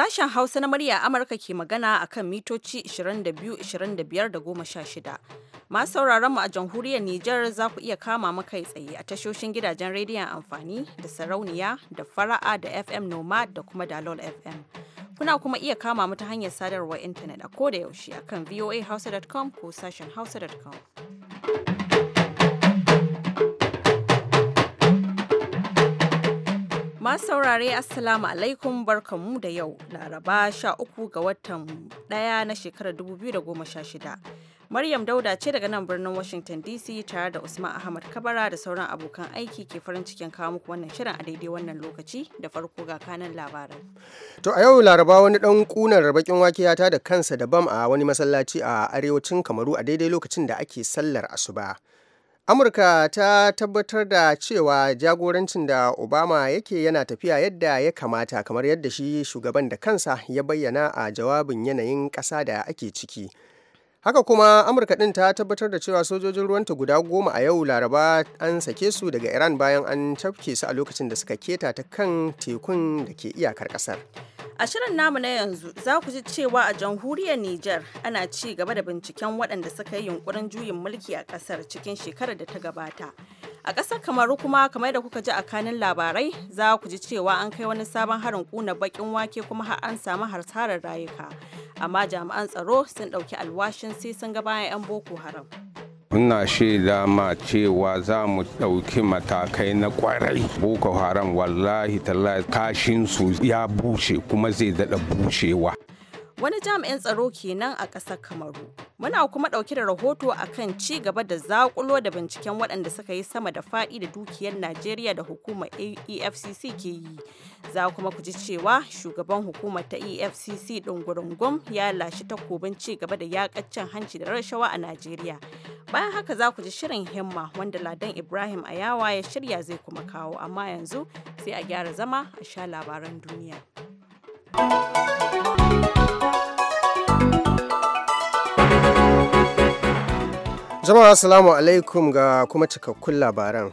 Sashen Hausa na murya Amurka ke magana a kan mitoci 22-25-16. Masu sauraron mu a jamhuriyar Nijar za ku iya kama mu kai tsaye a tashoshin gidajen rediyon amfani da sarauniya da fara'a da FM Nomad da kuma Dalol FM. Kuna kuma iya kama mu ta hanyar sadarwar intanet a koda yaushe a kan voahausa.com ko sashen hausa.com. Masu saurare Assalamu alaikum barkanmu da yau Laraba 13 ga watan 1 na shekarar 2016. Maryam Dauda ce daga nan birnin Washington DC tare da Usman Ahmad Kabara da sauran abokan aiki ke farin cikin kawo muku wannan shirin a daidai wannan lokaci da farko ga kanan labaran. To a yau Laraba wani dan kunar bakin wake ya da kansa da bam a wani masallaci a arewacin Kamaru a daidai lokacin da ake sallar asuba. amurka ta tabbatar da cewa jagorancin da obama yake yana tafiya yadda ya kamata kamar yadda shi shugaban da kansa ya bayyana a jawabin yanayin ƙasa da ake ciki haka kuma amurka din ta tabbatar da cewa sojojin ruwanta guda goma a yau laraba an sake su daga iran bayan an tafke su a lokacin da suka keta ta kan tekun da ke iyakar kasar a shirin namu na yanzu za ku ji cewa a jamhuriyar niger ana ci gaba da binciken waɗanda suka yi yunkurin juyin mulki a kasar cikin shekarar da ta gabata a ƙasar kamaru kuma kamar da kuka ji a kanin labarai za ku ji cewa an kai wani sabon harin kuna bakin wake kuma an samu harsarar rayuka amma jami'an tsaro sun ɗauki alwashin alwashin sai sun ga bayan 'yan boko haram Muna shaida ma cewa za mu ɗauki matakai na kwarai. Boko Haram wallahi tallahi su ya bushe kuma zai daɗa bushewa. Wani jami'in tsaro kenan a ƙasar Kamaru. Muna kuma ɗauke da rahoto a kan ci gaba da zaƙulo da binciken waɗanda suka yi sama da faɗi da dukiyar Najeriya da hukumar EFCC ke yi. Za kuma ku ji cewa shugaban hukumar ta EFCC ɗin gurungum ya lashe takobin ci gaba da yakaccen hanci da rashawa a Najeriya. Bayan haka za ku ji shirin himma wanda Ladan Ibrahim Ayawa ya shirya zai kuma kawo amma yanzu sai a gyara zama a sha labaran duniya. Jama'a Assalamu alaikum ga kuma cikakkun labaran.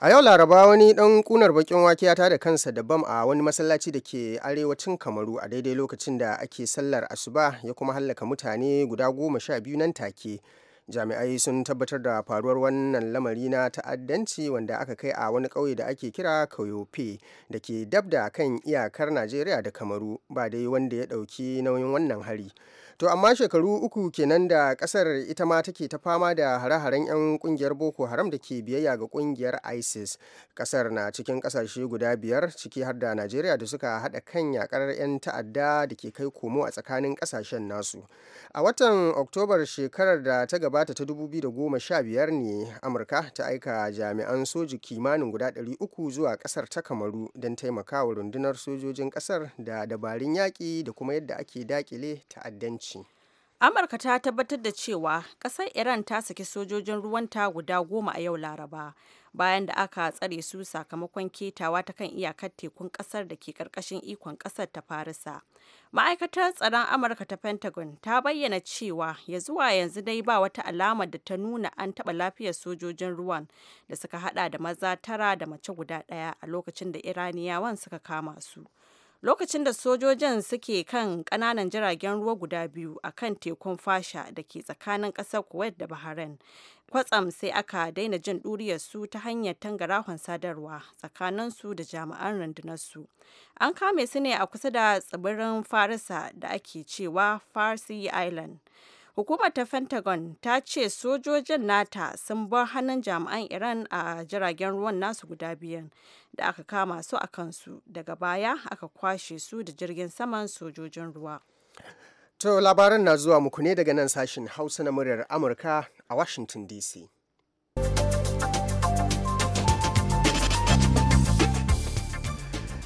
A yau Laraba wani dan kunar bakin wake ya tada kansa dabam a wani masallaci da ke arewacin Kamaru a daidai lokacin da ake sallar asuba ya kuma hallaka mutane guda goma sha biyu nan take. Jami'ai sun tabbatar da faruwar wannan lamari na ta'addanci wanda aka kai a wani ƙauye da ake kira Kayope da ke dabda da kan iyakar Najeriya da Kamaru ba dai wanda ya ɗauki nauyin wannan hari. To amma shekaru uku kenan da kasar ita ma take ta fama da hare-haren 'yan kungiyar Boko Haram da ke biyayya ga kungiyar ISIS. Kasar na cikin kasashe guda biyar ciki har da Najeriya da suka haɗa kan yakar 'yan ta'adda da ke kai komo a tsakanin kasashen nasu. A watan Oktobar shekarar da ta gabata ta 2015 ne Amurka ta aika jami'an soji kimanin guda ɗari uku zuwa kasar ta Kamaru don taimakawa rundunar sojojin kasar da dabarun yaƙi da kuma yadda ake dakile ta'addanci. amurka ta tabbatar da cewa kasar iran ta saki sojojin ruwanta guda goma a yau laraba bayan da aka tsare su sakamakon ketawa ta kan iyakar tekun kasar da ke karkashin ikon kasar ta farisa ma'aikatar tsaron amurka ta pentagon ta bayyana cewa ya zuwa yanzu dai ba wata alamar da ta nuna an taba lafiyar sojojin ruwan da suka hada da maza tara da mace guda daya a lokacin da iraniyawan suka kama su lokacin da sojojin suke kan kananan jiragen ruwa guda biyu a kan tekun fasha da ke tsakanin ƙasar kuwait da bahrain kwatsam sai aka daina jin su ta hanyar tangarahon sadarwa tsakanin su da jami'an su an kame su ne a kusa da tsibirin farisa da ake cewa farsi island Hukumar ta Pentagon ta ce sojojin nata sun bar hannun jami'an Iran a jiragen ruwan nasu guda biyan da aka kama su a kansu daga baya aka kwashe su da jirgin saman sojojin ruwa. To labaran na zuwa muku ne daga nan sashen Hausa na muryar Amurka a Washington DC.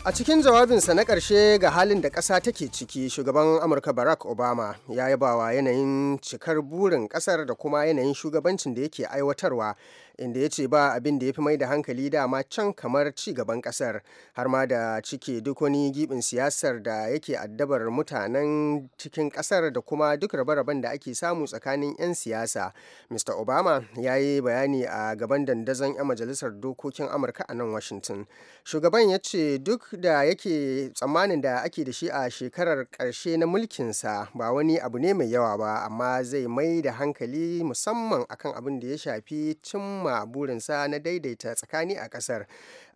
A cikin jawabinsa na ƙarshe ga halin da ƙasa take ciki, shugaban Amurka Barack Obama ya yabawa yanayin cikar burin ƙasar da kuma yanayin shugabancin da yake aiwatarwa, inda ya ce ba abin da ya fi mai da hankali dama can kamar ci gaban ƙasar, har ma da cike duk wani gibin siyasar da yake addabar mutanen cikin ƙasar da kuma duk rabe-raben da ake samu tsakanin 'yan siyasa. Mr. Obama ya yi bayani a gaban dandazon 'yan majalisar dokokin Amurka a nan Washington. Shugaban ya ce duk da yake tsammanin da ake da shi a shekarar ƙarshe na mulkinsa ba wani abu ne mai yawa ba amma zai mai da hankali musamman akan abin da ya shafi cimma burinsa na daidaita tsakani a ƙasar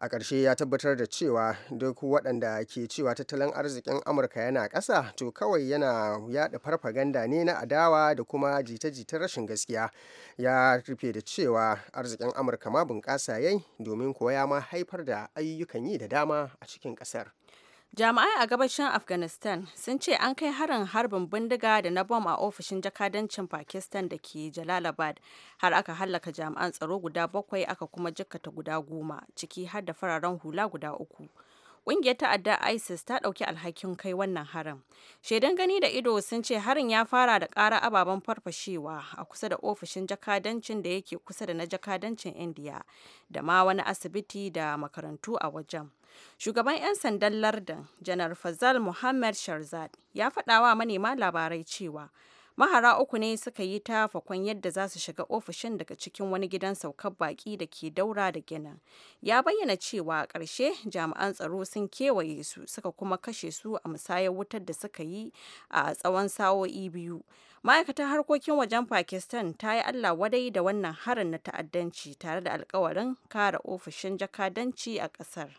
a ƙarshe ya tabbatar da cewa duk waɗanda ke cewa tattalin arzikin amurka yana ƙasa to kawai yana yaɗa farfaganda ne na adawa da kuma jita-jita rashin gaskiya ya rufe da cewa arzikin amurka ma bunƙasa yai domin kuwa ya ma haifar da ayyukan yi da dama a cikin ƙasar Jami'ai a gabashin Afghanistan sun ce an kai harin harbin bindiga da na bom a ofishin jakadancin Pakistan da ke Jalalabad har aka hallaka jami'an tsaro guda bakwai aka kuma jikkata guda goma ciki har da fararen hula guda uku. Ƙungiyar ta'adda ISIS ta ɗauki alhakin kai wannan harin. Shaidan gani da ido sun ce harin ya fara da ƙara ababen farfashewa a kusa da ofishin jakadancin da yake kusa da na jakadancin Indiya da ma wani asibiti da makarantu a wajen. Shugaban 'yan sandan lardin, Janar Fazal Muhammad Sharzad, ya faɗa wa manema labarai cewa mahara uku ne suka yi ta fakon yadda za su shiga ofishin daga cikin wani gidan saukar baƙi da ke daura da ginin ya bayyana cewa a ƙarshe jami'an tsaro sun kewaye su suka kuma kashe su a musayar wutar da suka yi a tsawon sa'o'i biyu ma'aikatar harkokin wajen pakistan ta yi allah wadai da wannan harin na ta'addanci tare da alkawarin kare ofishin jakadanci a ƙasar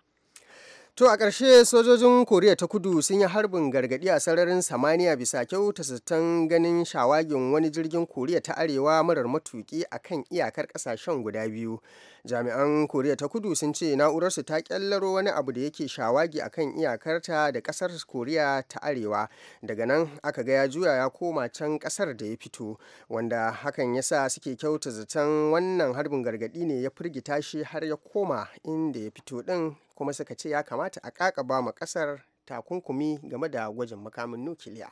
To a ƙarshe sojojin Koriya ta kudu sun yi harbin gargaɗi a sararin samaniya bisa kyauta zaton ganin shawagin wani jirgin Koriya ta Arewa marar matuƙi a kan iyakar ƙasashen guda biyu. jami'an koriya ta kudu sun ce na'urarsu ta kyallaro wani abu da yake shawagi akan iyakarta da kasar koriya ta arewa daga nan aka ga ya juya ya koma can kasar da ya fito wanda hakan ya sa suke kyauta zaton wannan harbin gargadi ne ya firgita shi har ya koma inda ya fito din kuma suka ce ya kamata a kakaba ma kasar takunkumi game da gwajin makamin nukiliya.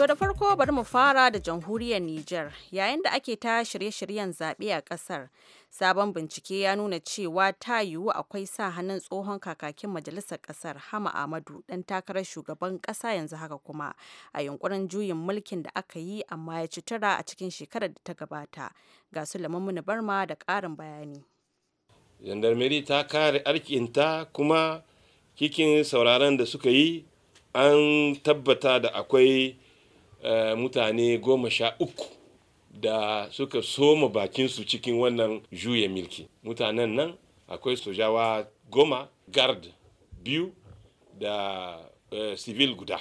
To da farko bari mu fara da jamhuriyar Nijar yayin da ake ta shirye-shiryen zaɓe a ƙasar. Sabon bincike ya nuna cewa ta yiwu akwai sa hannun tsohon kakakin majalisar ƙasar Hama Ahmadu ɗan takarar shugaban ƙasa yanzu haka kuma a yunkurin juyin mulkin da aka yi amma ya ci tura a cikin shekarar da ta gabata. Ga su muni Barma da ƙarin bayani. Gendarmerie ta kare arkinta kuma kikin sauraron da suka yi an tabbata da akwai Eh, mutane goma sha uku da suka soma bakinsu cikin wannan juya milki mutanen nan akwai sojawa goma gard biyu da eh, civil guda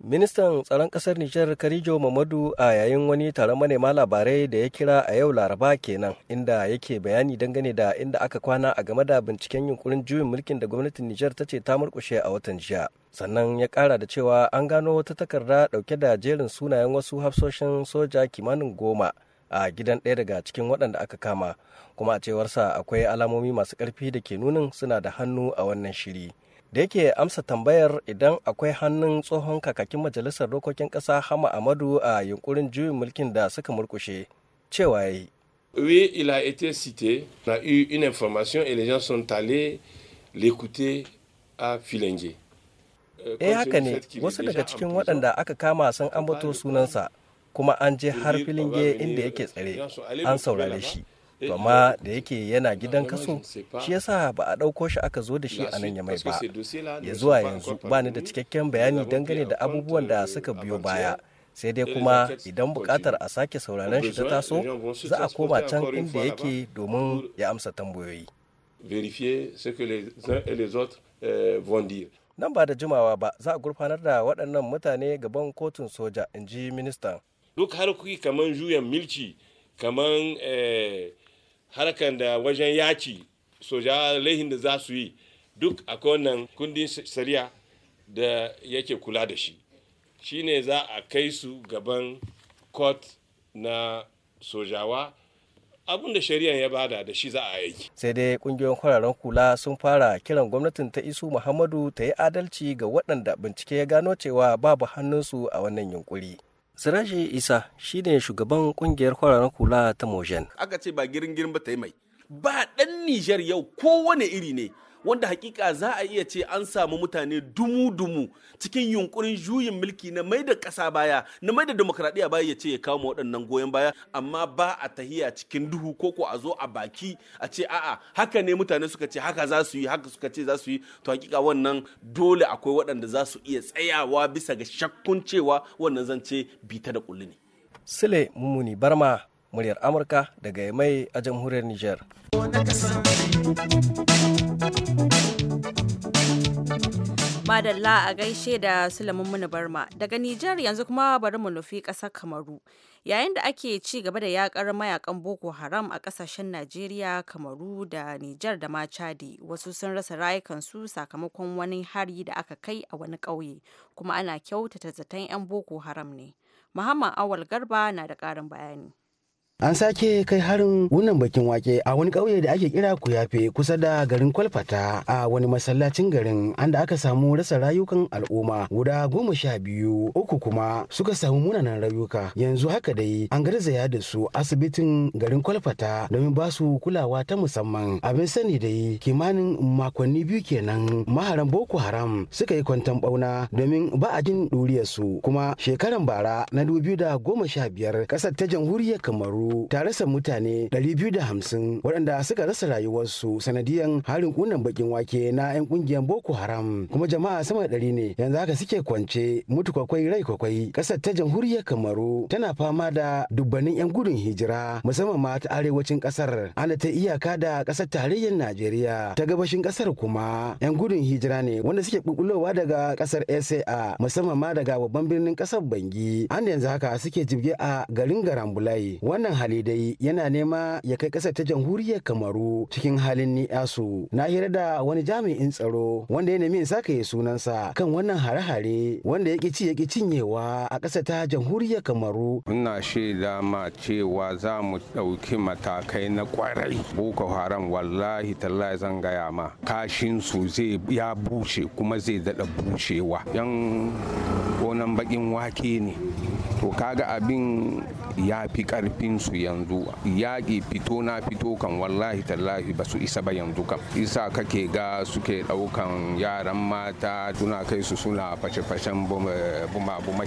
ministan tsaron kasar nijar karijo mamadu a yayin wani taron manema labarai da ya kira a yau laraba kenan inda yake bayani dangane da inda aka kwana a game da binciken yunkurin juyin mulkin da gwamnatin nijar ta ce ta murkushe a watan jiya sannan ya kara da cewa an gano wata takarda dauke da jerin sunayen wasu hafsoshin soja kimanin goma a gidan ɗaya daga cikin waɗanda aka kama kuma a cewarsa akwai alamomi masu ƙarfi da ke nunin suna da hannu a wannan shiri da yake amsa tambayar idan akwai hannun tsohon kakakin majalisar dokokin ƙasa hama amadu a yunkurin juyin mulkin da suka murkushe cewa ya yi Oui, il a été cité. On a eu une information et les gens sont allés l'écouter à eh, eh haka ne wasu daga cikin waɗanda aka kama sun ambato sunansa kuma an je har filin ge inda yake tsare an saurare shi eh, eh, amma da yake yana gidan kaso shi yasa ba a ɗauko shi aka zo da shi a nan ya mai ba ya zuwa yanzu ba ni da cikakken bayani dangane da abubuwan da suka biyo baya sai dai kuma idan buƙatar a sake sauraron shi ta taso za a koma can inda yake domin ya amsa tambayoyi. verifier ce que les uns et les autres vont euh, dire. nan ba da jimawa ba za a gurfanar da waɗannan mutane gaban kotun soja in ji ministan duk harkoki kamar juyan milci kamar eh, harkan da wajen yaki soja laihin da za su yi duk akwai wannan kundin shari'a da yake kula da shi shine za a kai su gaban kot na sojawa abin da shari'a ya bada da shi za a aiki. sai dai kungiyoyin kwararen kula sun fara kiran gwamnatin ta isu muhammadu ta yi adalci ga waɗanda bincike ya gano cewa babu hannunsu a wannan yunkuri sirashi isa shine shugaban kungiyar kwararen kula ta mojen aka ce ba girin girin ba ta yi mai ba ɗan nijar yau kowane iri ne wanda hakika za a iya ce an samu mutane dumu-dumu cikin yunkurin juyin mulki na mai da ƙasa baya na mai da demokradiyya baya ya ce ya kama waɗannan goyon baya amma ba a tahiya cikin duhu ko ko a zo a baki a ce a'a haka ne mutane suka ce haka za su yi haka suka ce za su yi to hakika wannan dole akwai waɗanda za su iya tsayawa bisa ga shakkun cewa wannan zance bita da kulli ne. sile Mummuni Barma muryar Amurka daga mai a jamhuriyar Nijar. Madalla a gaishe da muna Barma. Daga Nijar yanzu kuma bari mu nufi ƙasar Kamaru. Yayin da ake ci gaba da yakar mayakan Boko Haram a ƙasashen Najeriya, Kamaru da Nijar da ma Chadi, wasu sun rasa rayukansu sakamakon wani hari da aka kai a wani ƙauye, kuma ana kyautata zaton 'yan Boko Haram ne. Muhammad Awal Garba na da ƙarin bayani. An sake kai harin wunan bakin wake a wani ƙauye da ake kira Kuyafe kusa da garin Kwalfata a wani masallacin garin an aka samu rasa rayukan al'umma guda goma sha biyu uku kuma suka samu munanan rayuka yanzu haka dai an garzaya da su asibitin garin Kwalfata domin ba su kulawa ta musamman abin sani dai kimanin makonni biyu kenan maharan Boko Haram suka yi kwantan bauna domin ba a jin ɗuriyarsu kuma shekaran bara na da goma sha biyar ƙasar ta jamhuriyar Kamaru ta rasa mutane 250 waɗanda suka rasa rayuwarsu sanadiyan harin kunan bakin wake na 'yan kungiyar Boko Haram kuma jama'a sama da ne yanzu haka suke kwance mutu kwakwai rai kwakwai ƙasar ta jamhuriyar Kamaru tana fama da dubbanin 'yan gudun hijira musamman ma ta arewacin ƙasar ana ta iyaka da ƙasar tarayyar Najeriya ta gabashin ƙasar kuma 'yan gudun hijira ne wanda suke bubulowa daga ƙasar SA musamman ma daga babban birnin ƙasar Bangi an yanzu haka suke jibge a garin Garambulai wannan hali dai yana nema ya kai ƙasar ta jamhuriyar kamaru cikin halin niyasu. na hira da wani jami'in tsaro wanda ya nemi in saka ya sunansa kan wannan hare-hare wanda ya ci ya cinyewa a ƙasar ta jamhuriyar kamaru ina shaida ma cewa za mu ɗauki matakai na kwarai boko haram wallahi tallahi zan gaya ma kashin su zai ya bushe kuma zai daɗa bushewa yan gonan bakin wake ne to kaga abin ya fi karfin su yanzu yaƙi fito na fito kan wallahi tallahi ba su isa ba yanzu kam isa kake ga suke ɗaukan yaran mata tuna kai su suna fashe-fashen eh, bumabumai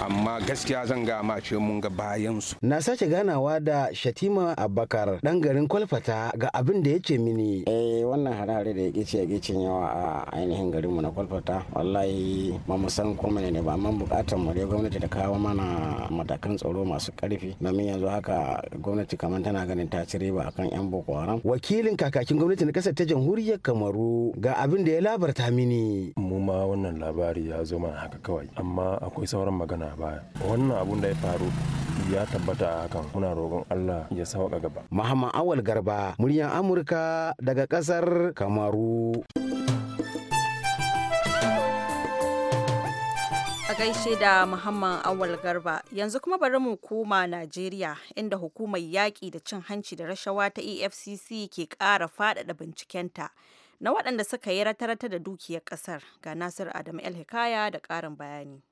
amma gaskiya zan ga mace ce mun ga bayan su na sake ganawa da Shatima Abakar, dan garin Kwalfata ga abin da yake mini eh wannan harare da yake ce yake yawa a ainihin garin mu na Kwalfata wallahi ba mu san ko ne ba amma bukatar mu gwamnati da kawo mana matakan tsaro masu karfi domin yanzu haka gwamnati kamar tana ganin ta ci riba akan yan Boko Haram wakilin kakakin gwamnati na kasar ta jamhuriyar Kamaru ga abin da ya labarta mini mu ma wannan labari ya zo mana haka kawai amma akwai sauran magana baya wannan abun da ya faru ya tabbata a hakan muna roƙon Allah ya sauka gaba Muhammad Awal Garba muryan Amurka daga ƙasar Kamaru a gaishe da Muhammad Awal Garba yanzu kuma bari mu koma Najeriya inda hukumar yaƙi da cin hanci da rashawa ta EFCC ke ƙara faɗaɗa bincikenta na waɗanda suka yi rata-rata da dukiyar ƙasar ga Nasir Adam El Hikaya da ƙarin bayani.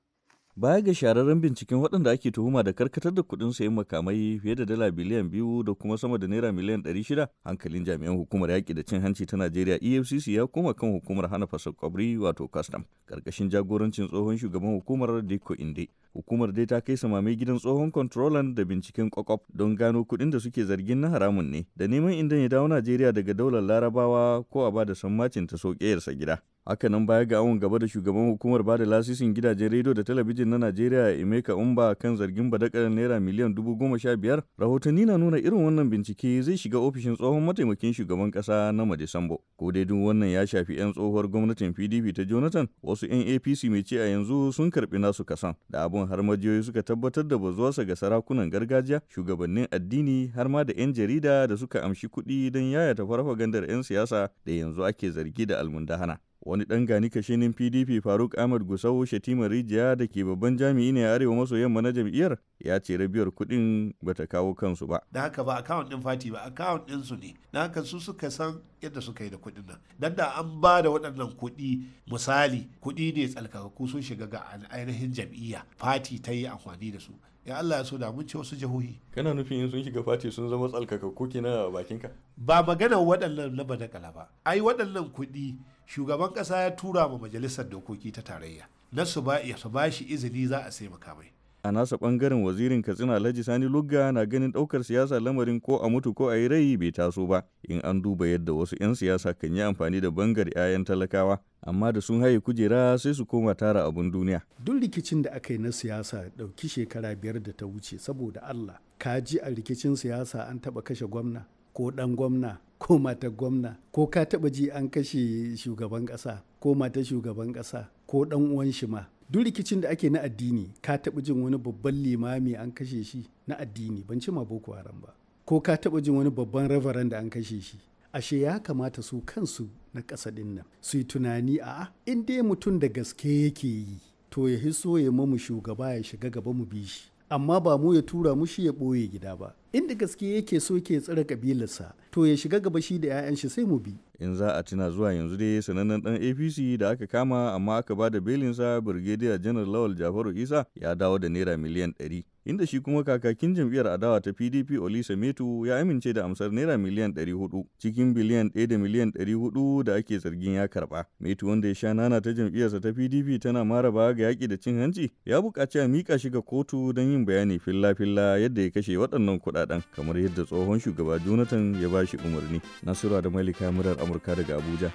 Baya ga shahararren binciken waɗanda ake tuhuma da karkatar da kuɗin sayan makamai fiye da dala biliyan biyu da kuma sama da naira miliyan ɗari shida, hankalin jami'an hukumar yaƙi da cin hanci ta Najeriya EFCC ya koma kan hukumar hana fasa kwabri wato kastam ƙarƙashin jagorancin tsohon shugaban hukumar Diko Inde. Hukumar dai ta kai samame gidan tsohon controller da binciken kwakwaf don gano kuɗin da suke zargin na haramun ne da neman inda ya dawo Najeriya daga daular Larabawa ko a ba da sammacin ta so gida. nan baya ga awon gaba da shugaban hukumar bada lasisin gidajen rediyo da talabijin na najeriya emeka umba kan zargin badakarar naira miliyan dubu goma sha biyar rahotanni na nuna irin wannan bincike zai shiga ofishin tsohon mataimakin shugaban kasa na madisambo ko dai duk wannan ya shafi yan tsohuwar gwamnatin pdp ta jonathan wasu yan apc mai ce a yanzu sun karɓi nasu kasan da abun har majiyoyi suka tabbatar da bazuwarsa ga sarakunan gargajiya shugabannin addini har ma da yan jarida da suka amshi kuɗi don yayata farfagandar yan siyasa da yanzu ake zargi da almundahana wani ɗan gani kashinin pdp faruk ahmad gusau shatima rijiya da ke babban jami'i ne a arewa maso yamma na jam'iyyar ya ce rabiyar kuɗin ba ta kawo kansu ba da haka ba akawun ɗin fati ba akawun ɗin su ne na haka su suka san yadda suka yi da kuɗin nan dan da an ba da waɗannan kuɗi misali kuɗi ne tsalkakaku sun shiga ga ainihin jam'iyya fati ta yi amfani da su ya Allah ya so da mun ce wasu jihohi kana nufin in sun shiga fati sun zama tsalkakaku kina bakinka ba magana waɗannan na ba ba ai waɗannan kuɗi shugaban kasa ya tura ma majalisar dokoki ta tarayya na su ba shi izini za a sai makamai a nasa bangaren wazirin katsina alhaji sani lugga na ganin daukar siyasa lamarin ko a mutu ko a yi rai bai taso ba in an duba yadda wasu 'yan siyasa kan yi amfani da bangar 'ya'yan talakawa amma da sun haye kujera sai su koma tara abun duniya duk rikicin da aka yi na siyasa dauki shekara biyar da ta wuce saboda allah ka ji a rikicin siyasa an taba kashe gwamna ko ɗan gwamna ko mata gwamna ko ka taɓa ji an kashe shugaban ƙasa ko mata shugaban ƙasa ko ɗan uwan shi ma duk rikicin da ake na addini ka taɓa jin wani babban limami an kashe shi na addini ban ci ma boko haram ba ko ka taɓa jin wani babban rabaran da an kashe shi ashe ya kamata su kansu na ƙasa ɗin nan su yi tunani a in dai mutum da gaske yake yi to ya hiso ya mamu shugaba ya shiga gaba mu bi shi amma ba mu ya tura mu shi ya ɓoye gida ba inda gaske yake so ke tsare kabilarsa to ya shiga gaba shi da 'ya'yan shi sai mu bi in za a tuna zuwa yanzu dai sanannen dan apc da aka kama amma aka ba da belinsa brigadier janar lawal jafaru isa ya dawo da naira miliyan 100 inda shi kuma kakakin jam'iyyar adawa ta PDP Olisa Metu ya amince da amsar naira miliyan 400 cikin biliyan 1 da miliyan 400 da ake zargin ya karba. Metu wanda ya sha nana ta jam'iyyarsa ta PDP tana maraba ga yaƙi da cin hanci ya buƙaci a mika shi ga kotu don yin bayani filla-filla yadda ya kashe waɗannan kuɗaɗen kamar yadda tsohon shugaba Jonathan ya ba shi umarni. Nasiru da Malika Murar Amurka daga Abuja,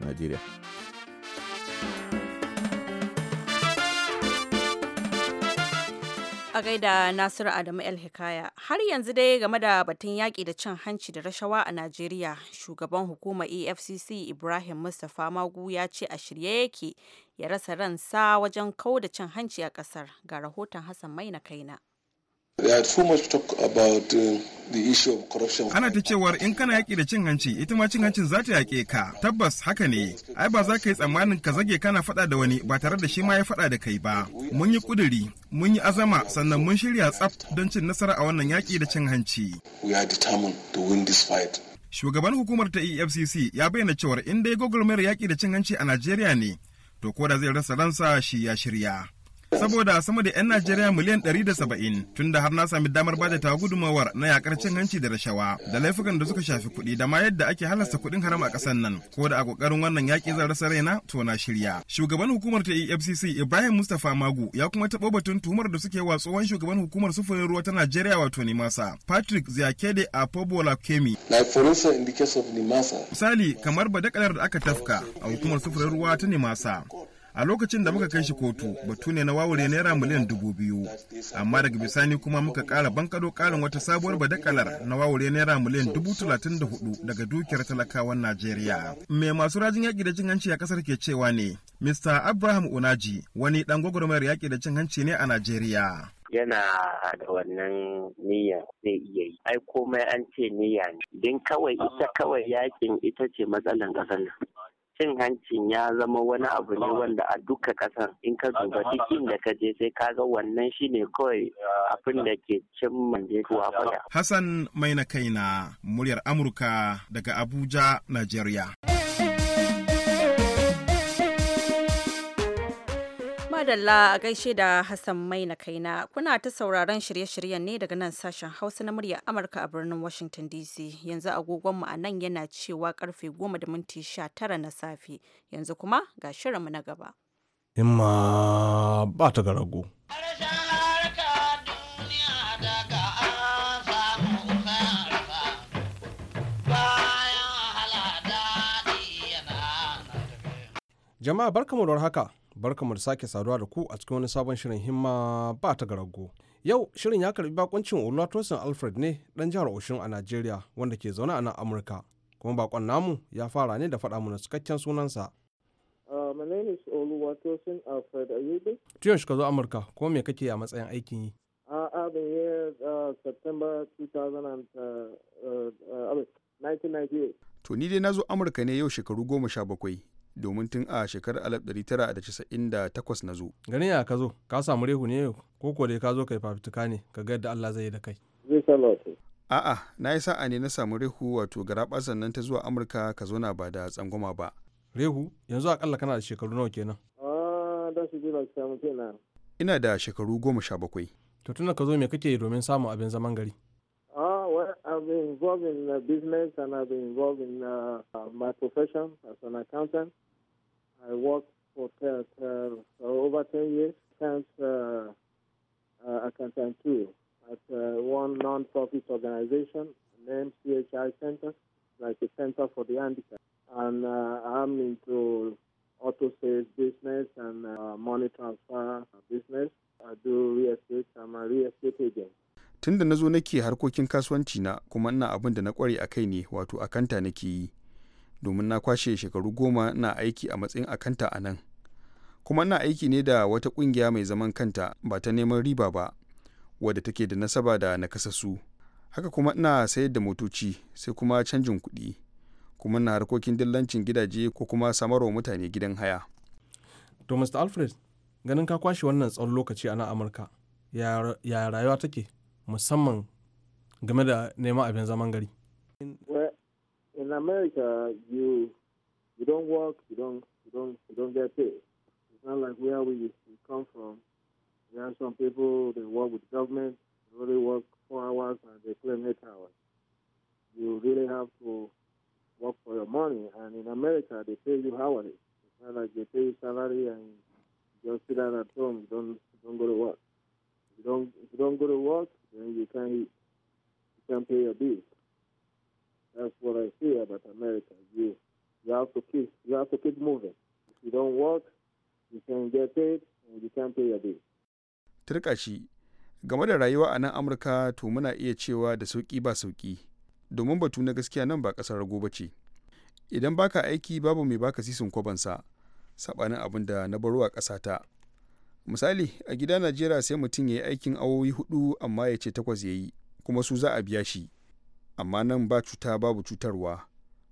Najeriya. a gaida Nasiru Adamu El Hikaya. Har yanzu dai game da batun yaƙi da cin hanci da rashawa a Najeriya, shugaban hukumar EFCC Ibrahim Mustapha Magu ya ce a shirye yake ya rasa ransa wajen kau da cin hanci a ƙasar. Ga rahoton Hassan na kaina. Uh, Ana ta cewa in kana yaƙi da cin hanci ita ma cin hancin za ta yaƙe ka tabbas haka ne ai ba za ka yi tsammanin ka zage kana faɗa da wani ba tare da shi ma ya faɗa da kai ba mun yi ƙuduri mun yi azama sannan mun shirya tsaf don cin nasara a wannan yaƙi da cin hanci. Shugaban hukumar ta EFCC ya bayyana cewar in dai gwagwarmayar yaƙi da cin hanci a Najeriya ne to ko da zai rasa ransa shi ya shirya. saboda a sama da 'yan Najeriya miliyan 170 tunda har na sami damar bada ta gudumawar na yakar cin hanci da rashawa da laifukan da suka shafi kuɗi da ma yadda ake halasta kuɗin haram a ƙasar nan ko da a ƙoƙarin wannan yaƙi zan rasa raina to na shirya. Shugaban hukumar ta EFCC Ibrahim Mustapha Magu ya kuma taɓo batun tuhumar da suke wa tsohon shugaban hukumar sufurin ruwa ta Najeriya wato Nimasa Patrick Ziakede a Pobola Kemi. Misali kamar badakalar da aka tafka a hukumar sufurin ruwa ta Nimasa a lokacin da muka kai shi kotu batu ne na wawure naira miliyan dubu biyu amma daga bisani kuma muka kara bankado karin wata sabuwar badakalar na wawure naira miliyan dubu talatin da hudu daga dukiyar talakawan najeriya mai masu rajin yaƙi da cin hanci a ƙasar ke cewa ne mr abraham unaji wani ɗan gwagwarmayar yaƙi da cin hanci ne a najeriya yana da wannan niyya zai iya yi. Ai komai an ce niyya ne. Din kawai ita kawai yakin ita ce matsalan ƙasar nan. cin hancin ya zama wani abu ne wanda a duka kasan in ka duba duk da ka je sai ka ga wannan shi ne kawai abin da ke cin manje tuwa Hassan mai na kaina muryar Amurka daga Abuja, Najeriya. madalla a gaishe da Hassan mai na kaina kuna ta sauraron shirye-shiryen ne daga nan sashen Hausa na muryar Amurka a birnin Washington DC yanzu agogonmu a nan yana cewa karfe goma da minti 19 na safe yanzu kuma ga shirinmu na gaba. Himma ba ta ga rago. Jama'a barkamu da haka. barkamu da sake saduwa da ku a cikin wani sabon shirin himma ba ta garago. Yau shirin ya karbi bakuncin Olatosin Alfred ne dan jihar Oshun a Najeriya wanda ke zaune a nan Amurka. Kuma bakon namu ya fara ne da faɗa mana cikakken sunansa. Uh, my name is Oluwatosin Alfred Ayubi. Tuyon shi ka zo Amurka kuma me kake a matsayin aikin yi? Uh, I've been here uh, September 1998. Uh, to ni dai na zo Amurka ne yau shekaru goma sha bakwai domin tun a shekarar 1998 na zo. Garin ya ka zo, ka samu rehu ne ko ko dai ka zo kai fafituka ne ka ga yadda Allah zai yi da kai. A'a, na yi sa'a ne na samu rehu wato garaɓasan sannan ta zuwa Amurka ka zo na ba da tsangwama ba. Rehu, yanzu akalla kana da shekaru nawa ah, kenan? Ina da shekaru goma sha bakwai. To ka zo me kake domin samun abin zaman gari? I've been involved in uh, business and I've been involved in uh, uh my profession as an accountant. I worked for over 10 years as uh, uh, accountant too at uh, one non-profit organization named CHI Center, like a center for the handicapped. And I'm into auto sales business and money transfer business. I do real estate. I'm a real estate agent. tun da na zo nake harkokin kasuwanci na kuma ina abin da na kware a kai ne wato akanta nake yi domin na kwashe shekaru goma na aiki a matsayin akanta a nan kuma ina aiki ne da wata kungiya mai zaman kanta ba ta neman riba ba wadda take da nasaba da na nakasassu haka kuma ina sayar da motoci sai kuma canjin kuɗi kuma ina harkokin dillancin gidaje ko kuma samarwa mutane gidan haya to mr alfred ganin ka kwashe wannan tsawon lokaci a nan amurka ya rayuwa take musamman game da neman abin zaman gari in america you you don't work you don't you don't you don't get paid it's not like where we, we come from there are some people they work with government they only work four hours and they claim eight hours you really have to work for your money. And in America, they pay you hourly. It's not like they pay you salary and you just sit down at home. You don't you don't go to work. You don't you don't go to work. then you can't eat. You can't pay your bills. That's what I say about America. You you have to keep you have to keep moving. If you don't work, you can't get paid and you can't pay your bills. Turka shi game da rayuwa a nan Amurka to muna iya cewa da sauki ba sauki domin batu na gaskiya nan ba kasar rago ce. Idan baka aiki babu mai baka sisin kwabansa sabanin abin da na baro a ƙasata. misali a gida najeriya sai mutum ya yi aikin awowi hudu amma ya ce takwas ya yi kuma su za a biya shi amma nan ba cuta babu cutarwa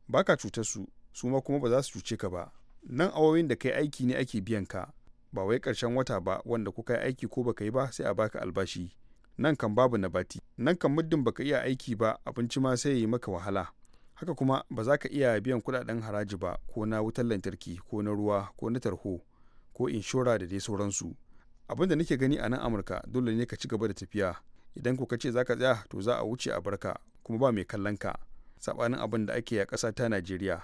ba ka cutar su su ma kuma ba za su cuce ka ba nan awowin da kai aiki ne ake biyan ka ba wai ƙarshen wata ba wanda kuka yi aiki ko baka yi ba sai a baka albashi nan kan babu na bati nan kan muddin baka iya aiki ba abinci ma sai ya yi maka wahala haka kuma ba za ka iya biyan kudaden haraji ba ko na wutar lantarki ko na ruwa ko na tarho ko inshora da dai sauransu abinda nake gani a nan amurka dole ne ka ci gaba da tafiya idan ko ka ce za ka tsaya to za a wuce a barka kuma ba mai kallon ka sabanin abin da ake a ƙasa ta najeriya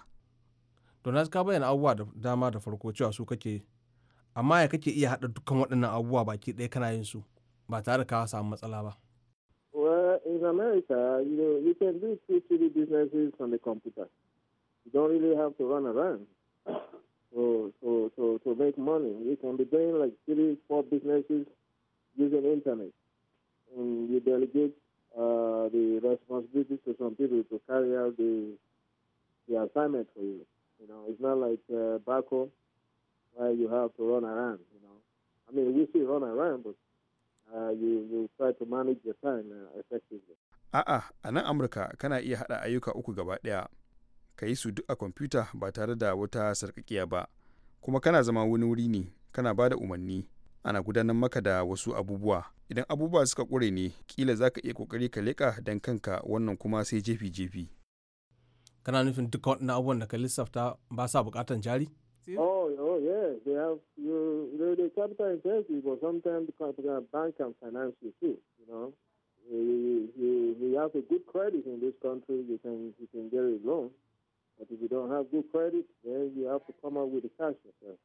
donald ka bayyana abubuwa da dama da farko cewa su kake amma ya kake iya haɗa dukkan waɗannan abubuwa baki ɗaya kana yin su ba tare da ka samu matsala ba in America, you know, you can do two, three businesses on the computer. You to, to, to, to make money. You can be doing like three, four businesses using internet. And you delegate uh, the responsibility to some people to carry out the, the assignment for you. You know, it's not like uh, back home where you have to run around, you know. I mean, we still run around, but uh, you, you try to manage your time uh, effectively. A'a, a nan Amurka kana iya haɗa ayyuka uku gaba ɗaya ka yi su duk a kwamfuta ba tare da wata sarƙaƙiya ba kuma kana zama wani wuri ne kana ba da umarni ana gudanar maka da wasu abubuwa idan abubuwa suka ƙure ne kila za ka iya ƙoƙari ka leƙa don kanka wannan kuma sai jefi jefi kana nufin duka waɗannan abubuwan da ka lissafta ba sa buƙatan jari Oh, oh yes, they have you, they, they capital intensive, but sometimes the bank can finance you too. You know, you, you, you have a good credit in this country, you can you can get a loan. But if you don't have good credit, then you have to come up with the cash yourself.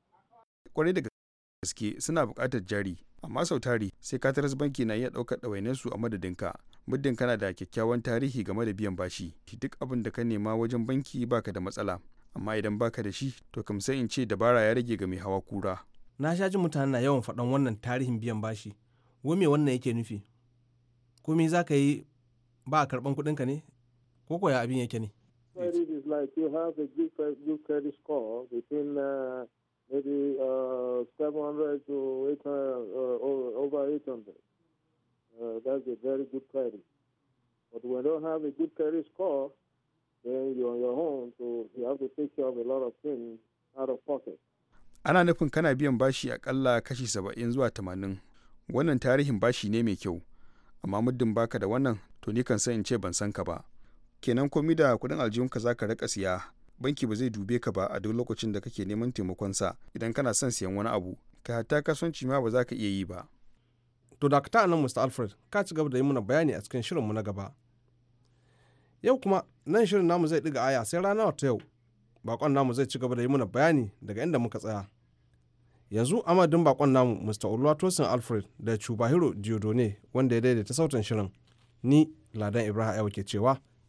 gaske suna buƙatar jari, amma sau tari sai kataras banki na iya ɗaukar ɗawainensu a madadinka. Muddin kana da kyakkyawan tarihi game da biyan bashi, duk abin da ka nema wajen banki baka da matsala. Amma idan baka da shi, to kam sai in ce dabara ya rage ga mai hawa kura. Na sha jin mutane na yawan faɗan wannan tarihin biyan bashi. Wai me wannan yake nufi? ko me za ka yi ba a karɓan kuɗinka ne? Ko ya abin yake ne? credit is like you have a good credit, good credit score between uh, maybe uh, 700 to 800, uh, over 800. Uh, that's a very good credit. But when you don't have a good credit score, then you're on your own, so you have to take care of a lot of things out of pocket. Ana nufin kana biyan bashi akalla kashi saba'in zuwa tamanin. Wannan tarihin bashi ne mai kyau, amma muddin baka da wannan to ni kan san in ce ban san ka ba. kenan komi da kudin aljihunka za ka rika siya banki ba zai dube ka ba a duk lokacin da kake neman taimakonsa idan kana son siyan wani abu ka hatta kasuwanci ma ba za ka iya yi ba. To dakata nan Mr. Alfred ka ci gaba da yi mana bayani a cikin shirinmu na gaba. Yau kuma nan shirin namu zai ɗiga aya sai rana ta yau. Bakon namu zai ci gaba da yi mana bayani daga inda muka tsaya. Yanzu amadin bakon namu Mr. Oluwatosin Alfred da Chubahiro Diodone wanda ya daidaita sautin shirin. Ni Ladan Ibrahim Ayo ke cewa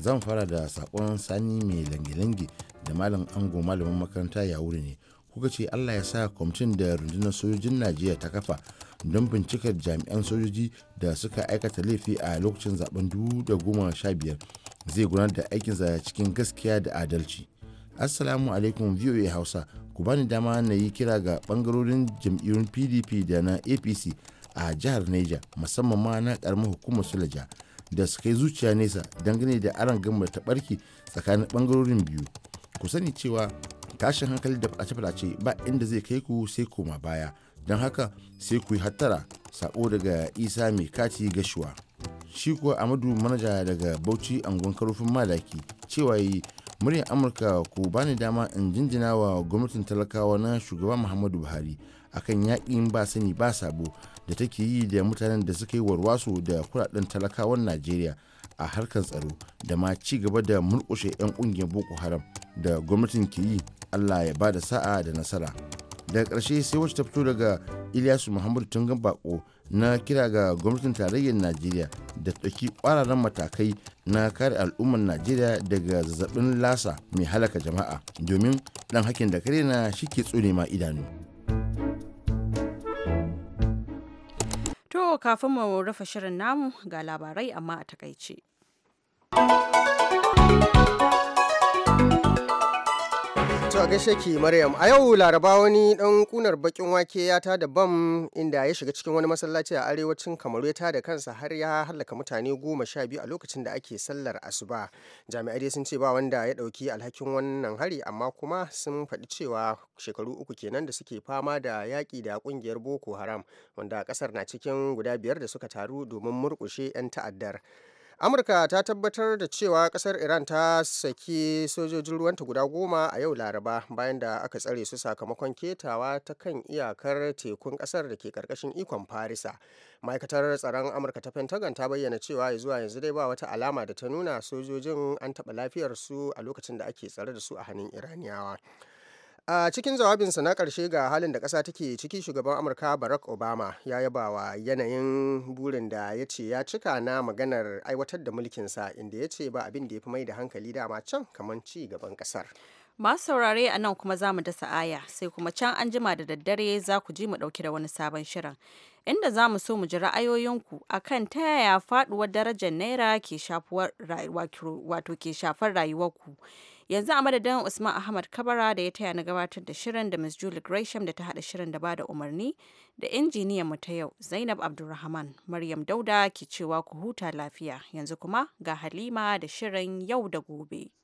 zan fara da sakon sani mai langilangi da malam ango malamin makaranta ya wuri ne kuka ce allah ya sa kwamitin da rundunar sojojin najeriya ta kafa don bincikar jami'an sojoji da suka aikata laifi a lokacin zaben biyar zai gudanar da aikinsa cikin gaskiya da adalci assalamu alaikum voa hausa ku bani dama na yi kira ga bangarorin jam'iyyun pdp da na apc a jihar neja musamman ma na karamin hukumar sulaja da su kai zuciya nesa dangane da aron gama ta barki tsakanin bangarorin biyu ku sani cewa tashin hankali da fadace-fadace ba inda zai kai ku sai koma baya don haka sai ku yi hattara sako daga isa mai kati gashuwa shi kuwa amadu manaja daga bauchi angon karofin malaki cewa yi muryar amurka ku bani dama in jinjina wa gwamnatin talakawa na shugaba muhammadu buhari akan yaƙin ba sani ba sabo da take yi da mutanen da suka yi warwasu da kudaden talakawan najeriya a harkar tsaro da ma ci gaba da murkushe 'yan kungiyar boko haram da gwamnatin ke yi allah ya bada sa'a da nasara daga ƙarshe sai wacce ta fito daga ilyasu muhammadu tungan bako na kira ga gwamnatin tarayyar najeriya da ɗauki ƙwararren matakai na kare al'ummar najeriya daga zazzabin lasa mai halaka jama'a domin ɗan hakin da kare na shi ke tsone ma idanu kafin mu rufe shirin namu ga labarai amma a takaice. a gaishe ki Maryam a yau Laraba wani dan kunar bakin wake ya tada bam inda ya shiga cikin wani masallaci a arewacin Kamaru ya tada kansa har ya hallaka mutane goma sha biyu a lokacin da ake sallar asuba. Jami'ai dai sun ce ba wanda ya dauki alhakin wannan hari amma kuma sun faɗi cewa shekaru uku kenan da suke fama da yaki da kungiyar Boko Haram wanda kasar na cikin guda biyar da suka taru domin murƙushe 'yan ta'addar. amurka ta tabbatar da cewa kasar iran ta saki sojojin ruwanta guda goma a yau laraba bayan da aka tsare su sakamakon ketawa ta kan iyakar tekun kasar da ke karkashin ikon farisa ma'aikatar tsaron amurka ta pentagon ta bayyana cewa zuwa yanzu dai ba wata alama da ta nuna sojojin an taɓa su a lokacin da ake tsare da su a hannun iraniyawa a cikin jawabinsa na ƙarshe ga halin da ƙasa take ciki shugaban amurka barack obama ya yabawa yanayin burin da ya ce ya cika na maganar aiwatar da mulkinsa inda ya ce ba abin da ya fi mai da hankali dama can kamar ci gaban ƙasar masu saurare a nan kuma zamu mu dasa aya sai kuma can an jima da daddare za ku ji mu ɗauki da wani sabon shirin inda za mu so mu ji ra'ayoyinku a kan ta yaya faɗuwar darajar naira ke shafar rayuwarku yanzu a madadin usman ahmad kabara da ya taya na gabatar da shirin da ms julie gresham da ta hada shirin da ba da umarni da injiniyan mu ta yau zainab abdulrahman maryam dauda ke cewa ku huta lafiya yanzu kuma ga halima da shirin yau da gobe